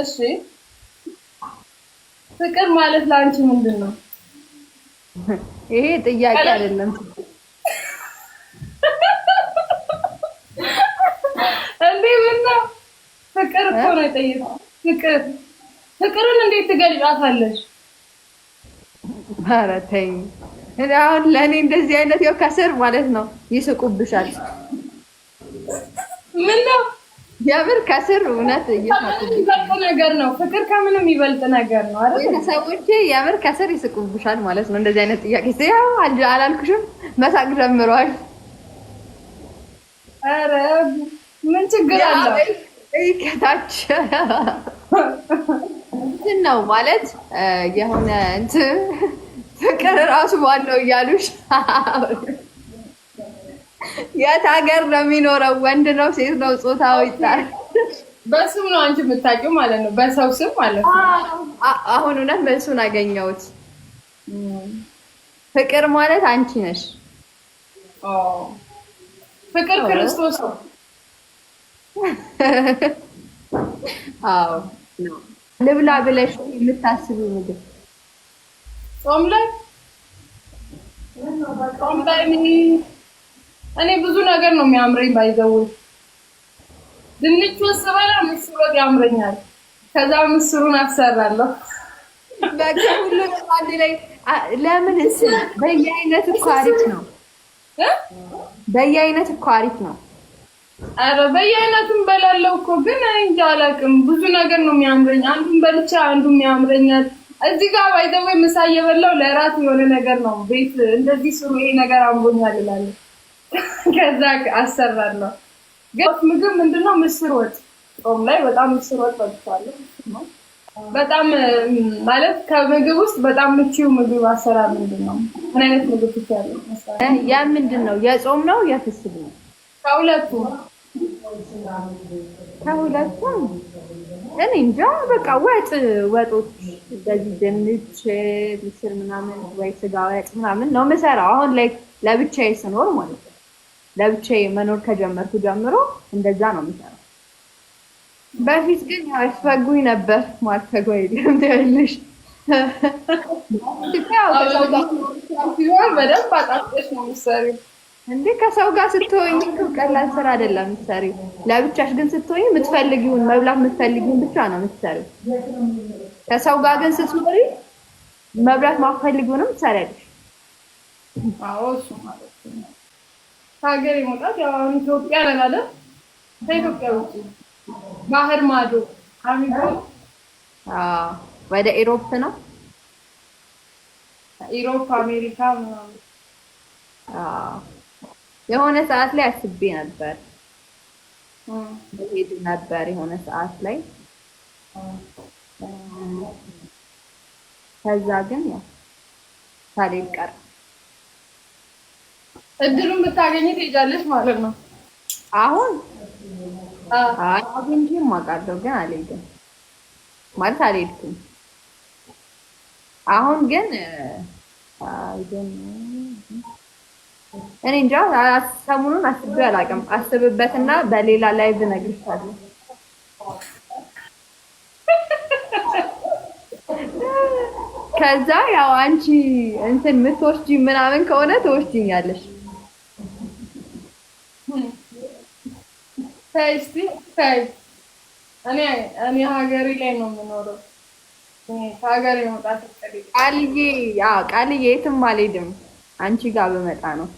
እሺ ፍቅር ማለት ለአንቺ ምንድን ነው? ይሄ ጥያቄ አይደለም። እንዴ ምን ነው ፍቅር እኮ ነው የጠየቀው። ፍቅር ፍቅርን እንዴት ትገልጫታለሽ? ኧረ ተይኝ። አሁን ለእኔ እንደዚህ አይነት ያው ከስር ማለት ነው ይስቁብሻል። ምን ነው የምር ከስር እውነት እየሳቁ ነገር ነው። ፍቅር ከምንም ይበልጥ ነገር ነው አይደል? ሰዎች የምር ከስር ይስቁብሻል ማለት ነው። እንደዚህ አይነት ጥያቄ ያው አላልኩሽም፣ መሳቅ ጀምረዋል። ኧረ ምን ችግር አለው? ከታች እንትን ነው ማለት የሆነ እንትን ፍቅር እራሱ ዋናው እያሉሽ የት ሀገር ነው የሚኖረው? ወንድ ነው ሴት ነው? ጾታው ይታል። በስም ነው አንቺ የምታውቂው ማለት ነው፣ በሰው ስም ማለት ነው። አሁን እውነት መልሱን አገኘሁት። ፍቅር ማለት አንቺ ነሽ። ፍቅር ክርስቶስ ነው። አዎ ልብላ ብለሽ የምታስቢው ምግብ ጾም ላይ ጾም ላይ እኔ ብዙ ነገር ነው የሚያምረኝ። ባይዘው ድንቹ ስበላ ምስር ወጥ ያምረኛል። ከዛ ምስሩን አሰራለሁ። በቃ ሁሉ አንድ ላይ ለምን እስል በየአይነት እኮ አሪፍ ነው። በየአይነት እኮ አሪፍ ነው። አረ በየአይነቱም በላለው እኮ ግን እንጃ አላውቅም። ብዙ ነገር ነው የሚያምረኝ። አንዱን በልቻ አንዱም ያምረኛል። እዚህ ጋር ባይዘው ምሳ እየበላው ለራት የሆነ ነገር ነው ቤት እንደዚህ ስሩ ይሄ ነገር አምሮኛል እላለሁ ከዛ አሰራር ነው ግን ምግብ ምንድነው ምስር ወጥ ጾም ላይ በጣም ምስር ወጥ በልቻለሁ። በጣም ማለት ከምግብ ውስጥ በጣም ምቹው ምግብ አሰራር ምንድነው? ምን አይነት ምግብ ትችላለህ? ያ ምንድነው? የጾም ነው የፍስግ ነው? ከሁለቱ ከሁለቱ እኔ እንጃ። በቃ ወጥ ወጦች እንደዚህ ድንች፣ ምስር ምናምን ወይ ስጋ ወጥ ምናምን ነው የምሰራው አሁን ላይ ለብቻዬ ስኖር ማለት ነው ለብቻዬ መኖር ከጀመርኩ ጀምሮ እንደዛ ነው የምሰራው። በፊት ግን ያስፈጉኝ ነበር። ማርከጎ የለም ትያለሽ። እንዴ? ከሰው ጋር ስትሆኝ ቀላል ስራ አይደለም የምትሰሪው። ለብቻሽ ግን ስትሆኝ የምትፈልጊውን መብላት የምትፈልጊውን ብቻ ነው የምትሰሪው። ከሰው ጋር ግን ስትኖሪ መብላት ማፈልጊውንም ትሰሪያለሽ። አዎ እሱ ማለት ነው። ከሀገር የመውጣት ያው አሁን ኢትዮጵያ ነን አይደል? ከኢትዮጵያ ውጭ ባህር ማዶ አሚጎ ወደ ኢሮፕ ነው። ኢሮፕ አሜሪካ የሆነ ሰዓት ላይ አስቤ ነበር ሄድ ነበር የሆነ ሰዓት ላይ ከዛ ግን ያው ሳልሄድ እድሉን ብታገኝ ትሄጃለሽ ማለት ነው። አሁን አግኝቼም አውቃለሁ፣ ግን አልሄድም ማለት አልሄድኩም። አሁን ግን እኔ እንጃ ሰሙኑን አስቤ አላውቅም። አስብበትና በሌላ ላይቭ እነግርሻለሁ። ከዛ ያው አንቺ እንትን ምትወስጂ ምናምን ከሆነ ትወስጂኛለሽ። ታይ እስቲ ታይ እኔ እኔ ሀገሬ ላይ ነው የምኖረው። ሀገሬ መውጣት ቃልዬ ያ ቃልዬ የትም አልሄድም አንቺ ጋር በመጣ ነው።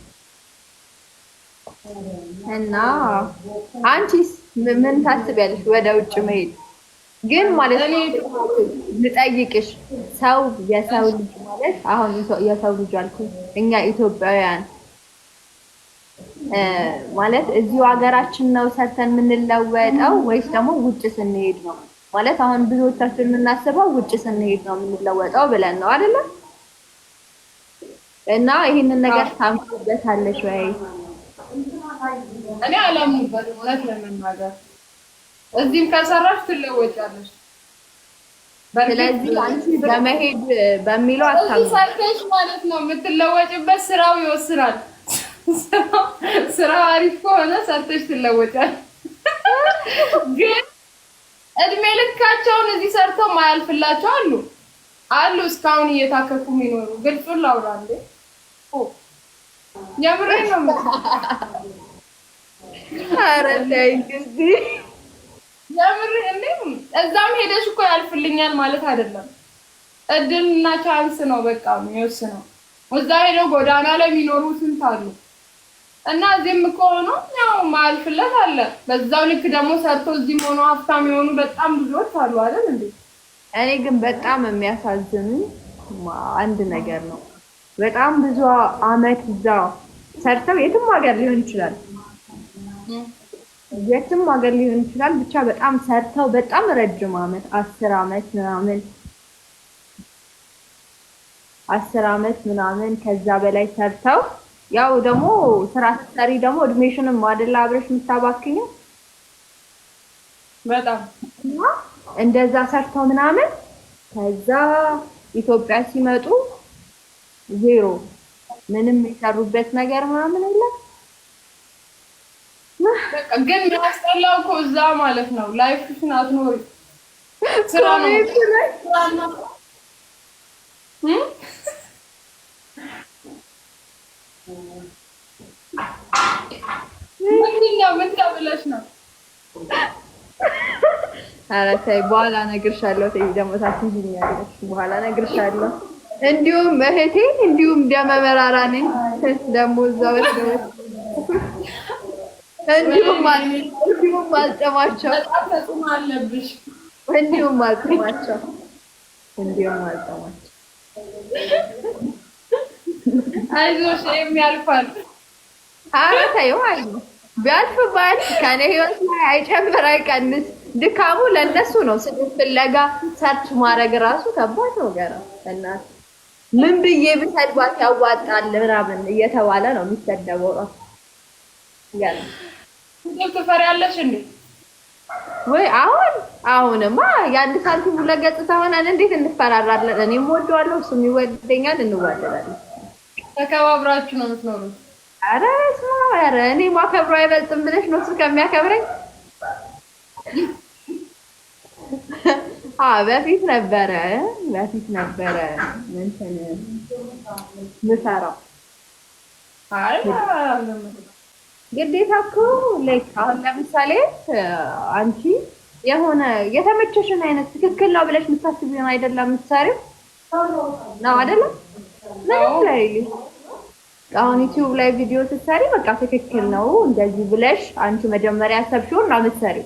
እና አንቺስ ምን ታስቢያለሽ? ወደ ውጭ መሄድ ግን ማለት ነው ልጠይቅሽ፣ ሰው የሰው ልጅ ማለት አሁን የሰው ልጅ አልኩ እኛ ኢትዮጵያውያን ማለት እዚሁ ሀገራችን ነው ሰርተን የምንለወጠው ወይስ ደግሞ ውጭ ስንሄድ ነው? ማለት አሁን ብዙዎቻችን የምናስበው ውጭ ስንሄድ ነው የምንለወጠው ብለን ነው አይደለ? እና ይህንን ነገር ታምበታለሽ ወይ? እኔ አላምንበትም። እውነት ለመናገር እዚህም ከሰራሽ ትለወጫለሽ። ስለዚህ በመሄድ በሚለው አታምጪ ሰርተሽ ማለት ነው የምትለወጭበት። ስራው ይወስናል ስራ አሪፍ ከሆነ ሰርተሽ ትለወጫል። ግን እድሜ ልካቸውን እዚህ ሰርተው ማያልፍላቸው አሉ አሉ እስካሁን እየታከኩ የሚኖሩ ግልጹን ላውራ እንዴ የምሬ ነው። ኧረ የምር እዛም ሄደሽ እኮ ያልፍልኛል ማለት አይደለም። እድልና ቻንስ ነው በቃ የሚወስነው። እዛ ሄደው ጎዳና ላይ የሚኖሩ ስንት አሉ። እና እዚህም ከሆነ ያው ማልፍለት አለ። በዛው ልክ ደግሞ ሰርቶ እዚህም ሆኖ ሀብታም የሆኑ በጣም ብዙዎች አሉ አይደል እንዴ? እኔ ግን በጣም የሚያሳዝን አንድ ነገር ነው። በጣም ብዙ አመት እዛ ሰርተው የትም ሀገር ሊሆን ይችላል፣ የትም ሀገር ሊሆን ይችላል። ብቻ በጣም ሰርተው በጣም ረጅም አመት አስር አመት ምናምን አስር አመት ምናምን ከዛ በላይ ሰርተው ያው ደግሞ ስራ ስትሰሪ ደግሞ እድሜሽንም አይደል አብረሽ የምታባክኝው በጣም እንደዛ ሰርተው ምናምን ከዛ ኢትዮጵያ ሲመጡ ዜሮ ምንም የሰሩበት ነገር ምናምን የለም። ግን የሚያስጠላው እኮ እዛ ማለት ነው ላይፍሽን አትኖሪ ስራ ነው ምንድነው ምንድነው ብለሽ ኧረ ተይ በኋላ እነግርሻለሁ። ተይ ደግሞ ታስይኛለሽ። በኋላ እነግርሻለሁ። እንዲሁም እህቴ እንዲሁም ደመመራራ ነኝ ደግሞ እዛው እንዲሁም እንዲሁም አልጠማቸው እንዲሁም አልጠማቸው እንዲሁም አልጠማቸው። አይዞሽ የሚያልፋል። ኧረ ተይው አይ ቢያልፍባት ከኔ ህይወት ላይ አይጨምር አይቀንስ። ድካሙ ለእነሱ ነው። ስድብ ፍለጋ ሰርች ማድረግ ራሱ ከባድ ነው። ገና እናት ምን ብዬ ብሰድባት ያዋጣል ምናምን እየተባለ ነው የሚሰደበው። ራሱ ገና ስድብ ትፈሪያለሽ እንዴ? ወይ አሁን አሁንማ የአንድ ሳንቲም ሁለት ገጽታ ሆነን እንዴት እንፈራራለን? እኔም ወደዋለሁ፣ እሱም ይወደኛል፣ እንዋደዳለን። ተከባብራችሁ ነው የምትኖሩት ኧረ በስመ አብ! እኔ ማከብሮ አይበልጥም ብለሽ ነው እሱ ከሚያከብረኝ። አዎ በፊት ነበረ በፊት ነበረ እንትን የምሰራው። ግዴታ እኮ ላይክ አሁን ለምሳሌ አንቺ የሆነ የተመቸሽን አይነት ትክክል ነው ብለሽ የምታስቢውን አይደለም የምትሰሪው ነው አይደለም ምንም ላይ አሁን ዩቲዩብ ላይ ቪዲዮ ስትሰሪ በቃ ትክክል ነው እንደዚህ ብለሽ አንቺ መጀመሪያ ያሰብሽውን ነው ምትሰሪ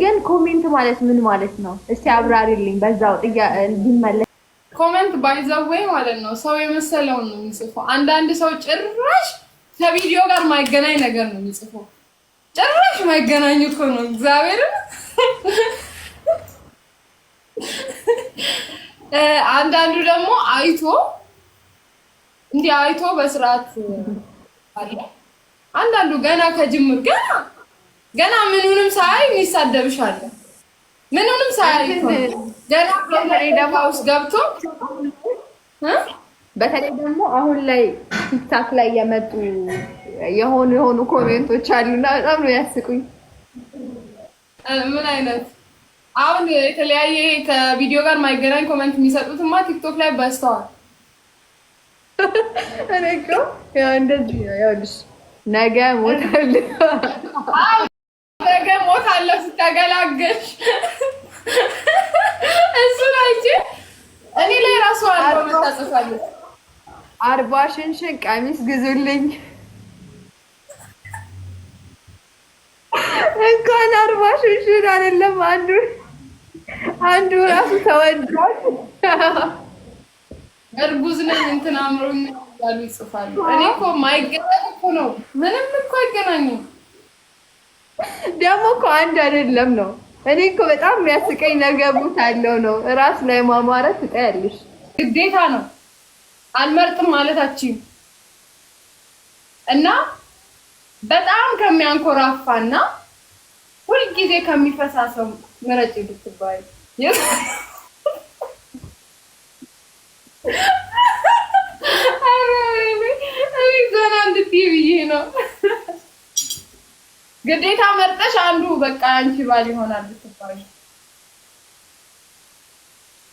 ግን ኮሜንት ማለት ምን ማለት ነው? እስቲ አብራሪልኝ። በዛው ጥያ እንዲመለስ ኮሜንት ባይዘወይ ማለት ነው ሰው የመሰለውን ነው የሚጽፈው። አንዳንድ ሰው ጭራሽ ከቪዲዮ ጋር ማይገናኝ ነገር ነው የሚጽፈው። ጭራሽ ማይገናኙ እኮ ነው እግዚአብሔርን አንዳንዱ ደግሞ አይቶ እንዲህ አይቶ በስርዓት አለ። አንዳንዱ ገና ከጅምር ገና ገና ምኑንም ሳይ ይሳደብሻል። ምኑንም ሳይ ገና ደግሞ ውስጥ ገብቶ በተለይ ደግሞ አሁን ላይ ቲክታክ ላይ የመጡ የሆኑ የሆኑ ኮሜንቶች አሉና በጣም ነው ያስቁኝ። ምን አይነት አሁን የተለያየ ከቪዲዮ ጋር ማይገናኝ ኮሜንት የሚሰጡትማ ቲክቶክ ላይ በዝተዋል። እኔ እኮ ያው እንደዚህ ነው። ይኸውልሽ ነገ ሞታለሁ፣ ነገ ሞታለሁ ስታገላገልሽ እሱ ላይ እንጂ እኔ ላይ ራሱ አርባ ሽንሽን ቀሚስ ግዙልኝ እንኳን አርባ ሽንሽን አይደለም አንዱ አንዱ ራሱ ተወዷል። እርጉዝ ነኝ እንትን አምሮኝ ያሉ ይጽፋሉ። እኔ እኮ ማይገናኝ እኮ ነው። ምንም እኮ አይገናኝም። ደግሞ እኮ አንድ አይደለም ነው። እኔ እኮ በጣም የሚያስቀኝ ነገቡት ያለው ነው። እራስ ላይ ማማረት ትጠያለሽ። ግዴታ ነው። አልመርጥም ማለታችን እና በጣም ከሚያንኮራፋና ሁልጊዜ ከሚፈሳሰው ምረጭ ብትባይ ግዴታ መርጠሽ አንዱ በቃ አንቺ ባል ይሆናል ልትባይ፣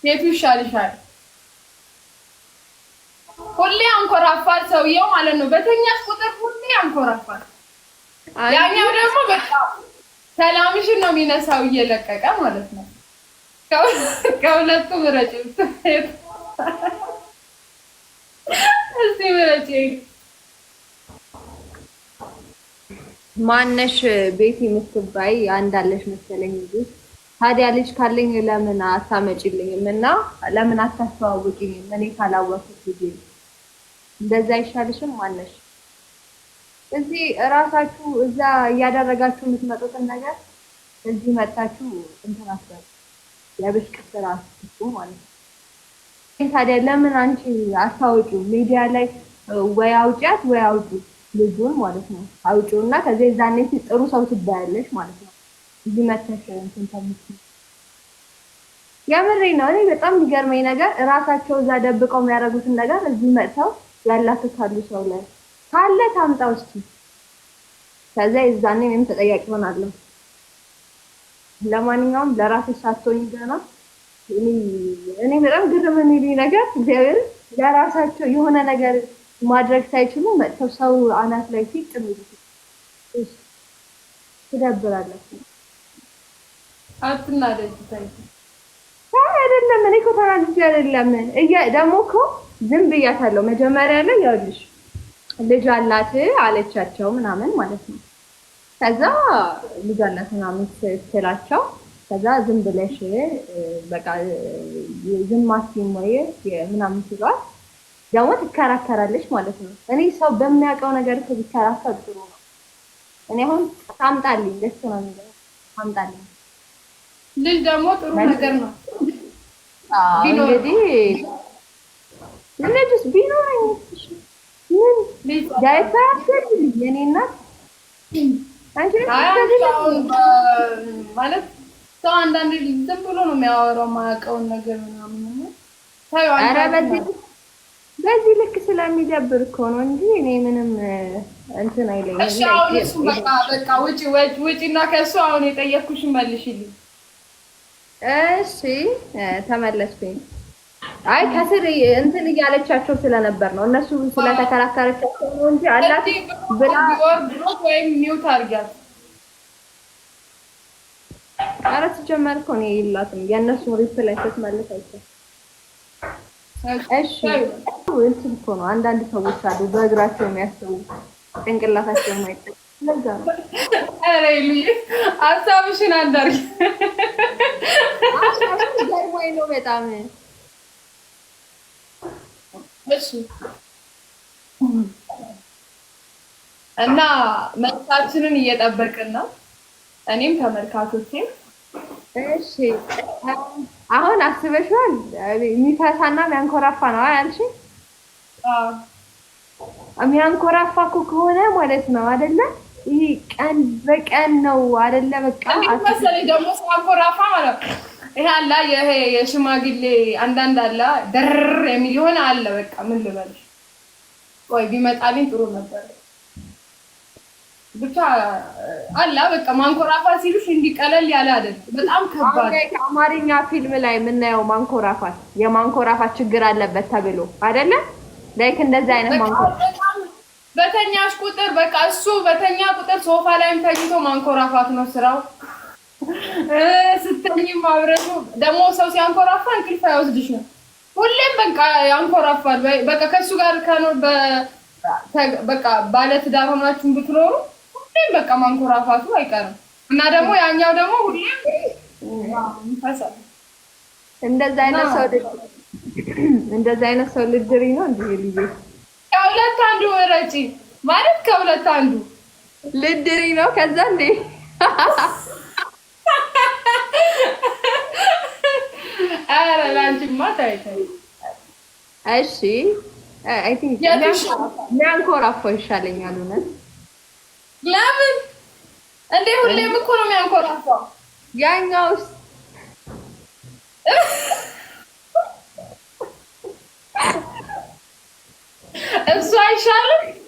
የቱ ይሻልሻል? ሁሌ አንኮራፋል ሰውየው ማለት ነው። በተኛስ ቁጥር ሁሌ አንኮራፋል። ያኛው ደግሞ በቃ ሰላምሽን ነው የሚነሳው እየለቀቀ ማለት ነው። ከሁለቱ ምረጭ። ማነሽ ቤት የምትባይ አንዳለሽ መሰለኝ ልጅ። ታዲያ ልጅ ካለኝ ለምን አታመጪልኝም? እና ለምን አታስተዋውቂኝም? እኔ ካላወቅኩት ልጅ እንደዛ አይሻልሽም? ማነሽ እዚህ እራሳችሁ እዛ እያደረጋችሁ የምትመጡትን ነገር እዚህ መጣችሁ እንትን አስበ የብሽቅ ስራ ማለት ነው። ታዲያ ለምን አንቺ አታውጩ ሚዲያ ላይ ወይ አውጪያት ወይ አውጪ ልጁን ማለት ነው። አውጪውና ከዚያ የዛኔ ጥሩ ሰው ትባያለሽ ማለት ነው። እዚህ መተሽ እንትን የምሬ ነው። እኔ በጣም የሚገርመኝ ነገር እራሳቸው እዛ ደብቀው የሚያደርጉትን ነገር እዚህ መጥተው ያላክታሉ ሰው ላይ ካለ ታምጣው እስኪ። ከዛ የዛኔ እኔም ተጠያቂ ሆናለሁ። ለማንኛውም ለራሴ ሳትሆኝ ገና እኔ በጣም ግርም የሚሉኝ ነገር እግዚአብሔር ለራሳቸው የሆነ ነገር ማድረግ ሳይችሉ መጥተው ሰው አናት ላይ ፊት ጥሚሉ ትደብራላችሁ። አትናደድ። አይደለም እኔ እኮ ተናድጄ አይደለም። ደግሞ እኮ ዝም ብያታለሁ መጀመሪያ ላይ ያልሽ ልጅ አላት አለቻቸው ምናምን ማለት ነው። ከዛ ልጅ አላት ምናምን ስትላቸው ከዛ ዝም ብለሽ በቃ ዝም አትይም ወይ ምናምን ሲሏል፣ ደግሞ ትከራከራለች ማለት ነው። እኔ ሰው በሚያውቀው ነገር እኮ ቢከራከር ጥሩ ነው። እኔ አሁን ታምጣልኝ ደስ ነው የሚለው ታምጣልኝ ልጅ ደግሞ ጥሩ ነገር ነው። እንግዲህ ልጅስ ቢኖረኝ ምን ዳይታ የኔ እናት አንቺ ማለት ሰው አንዳንድ ልጅ ዝም ብሎ ነው የሚያወራው ማያውቀውን ነገር ምናምን። ኧረ በዚህ ልክ ስለሚደብር እኮ ነው እንጂ እኔ ምንም እንትን አይለኝም። እሺ አሁን እሱ በቃ በቃ ውጪ ውጪ እና ከእሱ አሁን የጠየቅኩሽን መልሽልኝ። እሺ ተመለስኩኝ። አይ ከስር እንትን እያለቻቸው ስለነበር ነው እነሱ ስለተከራከረቻቸው ነው እንጂ አላት ብላ ወይም ሚውት አድርጊያት ኧረ ሲጀመር እኮ እኔ የላትም የእነሱን ሪፕላይ ስትመልስ አይቻልም። እሺ እንትን እኮ ነው አንዳንድ ሰዎች አሉ በእግራቸው የሚያስቡ ጭንቅላታቸው የማይጠቀሙ ለዛ ነው። ኧረ ሀሳብሽን አንዳርግ ነው በጣም እሺ እና መልሳችንን እየጠበቅን ነው። እኔም ተመልካቾቼም እሺ አሁን አስበሽዋል? የሚፈሳና የሚያንኮራፋ ነው ያልሽ። የሚያንኮራፋ እኮ ከሆነ ማለት ነው አይደለ? ይህ ቀን በቀን ነው አይደለ? በቃ መሰለኝ ደግሞ ሲያንኮራፋ ማለት ይሄ አለ፣ ይሄ የሽማግሌ አንዳንድ አለ ደር የሚል የሆነ አለ። በቃ ምን ልበልሽ? ቆይ ቢመጣልኝ ጥሩ ነበር። ብቻ አላ በቃ ማንኮራፋት ሲሉሽ እንዲቀለል ያለ አይደል? በጣም ከባድ አማርኛ ፊልም ላይ የምናየው ማንኮራፋት የማንኮራፋት ችግር አለበት ተብሎ አይደለም ላይክ እንደዚህ አይነት ማንኮራፋት በተኛሽ ቁጥር በቃ እሱ በተኛ ቁጥር ሶፋ ላይም ተኝቶ ማንኮራፋት ነው ስራው። ስተኝም ማብረቱ ደግሞ ሰው ሲያንኮራፋ እንቅልፍ አይወስድሽ ነው። ሁሌም በቃ ያንኮራፋል። በቃ ከእሱ ጋር ከኖር በቃ ባለትዳር ሆናችሁን ብትኖሩ ሁሌም በቃ ማንኮራፋቱ አይቀርም እና ደግሞ ያኛው ደግሞ ሁሌም ይፈሳል። እንደዛ አይነት ሰው ልጅ እንደዛ አይነት ሰው ልጅ ነው እንዴ? ልጅ ከሁለት አንዱ ወረጪ ማለት ከሁለት አንዱ ልድሪ ነው። ከዛ እንዴ አረ ላንቺማ ታይ ታይ። እሺ አይ ቲንክ ያንኮራፋ ይሻለኛል እውነት ለምን እንዴ? ሁሌም እኮ ነው የሚያንኮራፋው። ያኛውስ እሱ አይሻልም?